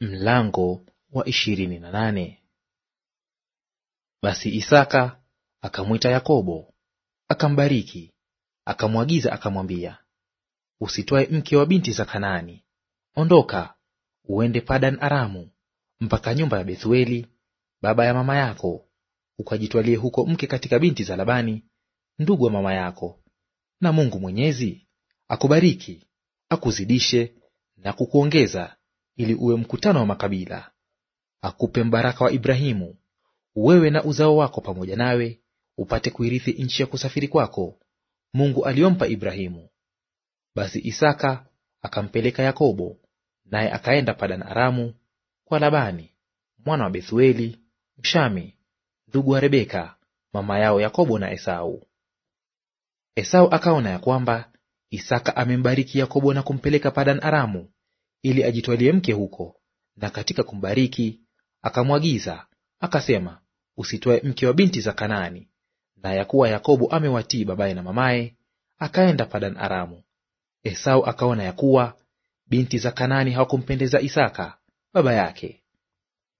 Mlango wa ishirini na nane. Basi Isaka akamwita Yakobo akambariki, akamwagiza akamwambia, usitwae mke wa binti za Kanaani; ondoka uende Padan Aramu mpaka nyumba ya Bethueli baba ya mama yako, ukajitwalie huko mke katika binti za Labani ndugu wa mama yako. Na Mungu Mwenyezi akubariki, akuzidishe na kukuongeza ili uwe mkutano wa makabila, akupe mbaraka wa Ibrahimu, wewe na uzao wako pamoja nawe, upate kuirithi nchi ya kusafiri kwako Mungu aliyompa Ibrahimu. Basi Isaka akampeleka Yakobo, naye akaenda Padan Aramu kwa Labani mwana wa Bethueli Mshami, ndugu wa Rebeka mama yao Yakobo na Esau. Esau akaona ya kwamba Isaka amembariki Yakobo na kumpeleka Padan Aramu ili ajitwalie mke huko. Na katika kumbariki akamwagiza akasema, usitwae mke wa binti za Kanaani. Na ya kuwa Yakobo amewatii babaye na mamaye, akaenda Padan Aramu. Esau akaona ya kuwa binti za Kanaani hawakumpendeza Isaka baba yake.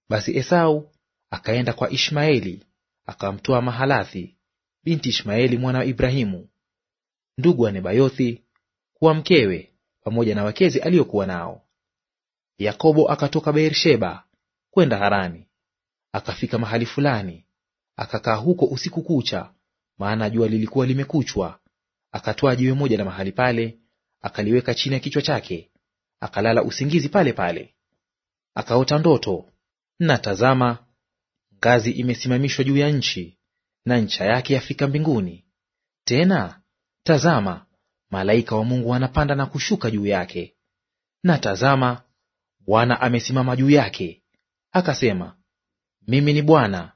Basi Esau akaenda kwa Ishmaeli akamtoa Mahalathi binti Ishmaeli mwana wa Ibrahimu ndugu wa Nebayothi kuwa mkewe, pamoja na wakezi aliyokuwa nao. Yakobo akatoka Beersheba kwenda Harani, akafika mahali fulani, akakaa huko usiku kucha, maana jua lilikuwa limekuchwa. Akatwaa jiwe moja la mahali pale, akaliweka chini ya kichwa chake, akalala usingizi pale pale. Akaota ndoto, na tazama, ngazi imesimamishwa juu ya nchi, na ncha yake yafika mbinguni. Tena tazama, malaika wa Mungu wanapanda na kushuka juu yake. Na tazama, Bwana amesimama juu yake, akasema, mimi ni Bwana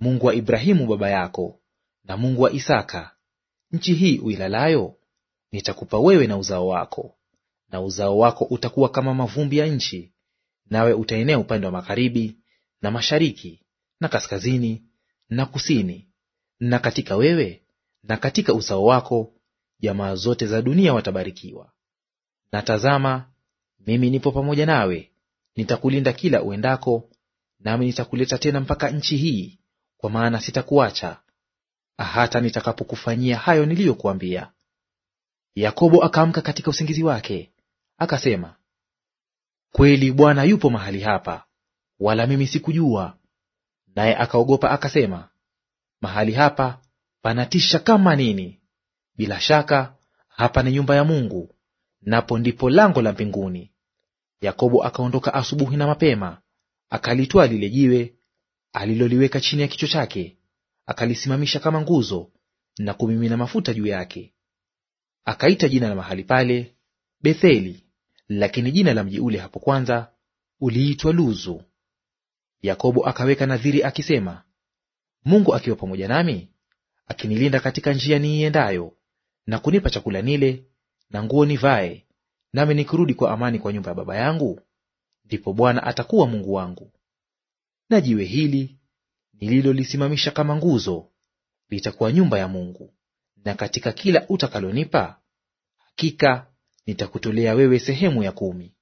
Mungu wa Ibrahimu baba yako na Mungu wa Isaka. Nchi hii uilalayo nitakupa wewe na uzao wako, na uzao wako utakuwa kama mavumbi ya nchi, nawe utaenea upande wa magharibi na mashariki na kaskazini na kusini, na katika wewe na katika uzao wako jamaa zote za dunia watabarikiwa. Na tazama, mimi nipo pamoja nawe, nitakulinda kila uendako, nami nitakuleta tena mpaka nchi hii, kwa maana sitakuacha hata nitakapokufanyia hayo niliyokuambia. Yakobo akaamka katika usingizi wake, akasema, kweli Bwana yupo mahali hapa, wala mimi sikujua. Naye akaogopa akasema, mahali hapa panatisha kama nini! Bila shaka hapa ni nyumba ya Mungu, napo ndipo lango la mbinguni. Yakobo akaondoka asubuhi na mapema, akalitwaa lile jiwe aliloliweka chini ya kichwa chake, akalisimamisha kama nguzo na kumimina mafuta juu yake. Akaita jina la mahali pale Betheli, lakini jina la mji ule hapo kwanza uliitwa Luzu. Yakobo akaweka nadhiri akisema, Mungu akiwa pamoja nami, akinilinda katika njia niiendayo, na kunipa chakula nile na nguo nivae, nami nikirudi kwa amani kwa nyumba ya baba yangu, ndipo Bwana atakuwa Mungu wangu. Na jiwe hili nililolisimamisha kama nguzo litakuwa nyumba ya Mungu, na katika kila utakalonipa, hakika nitakutolea wewe sehemu ya kumi.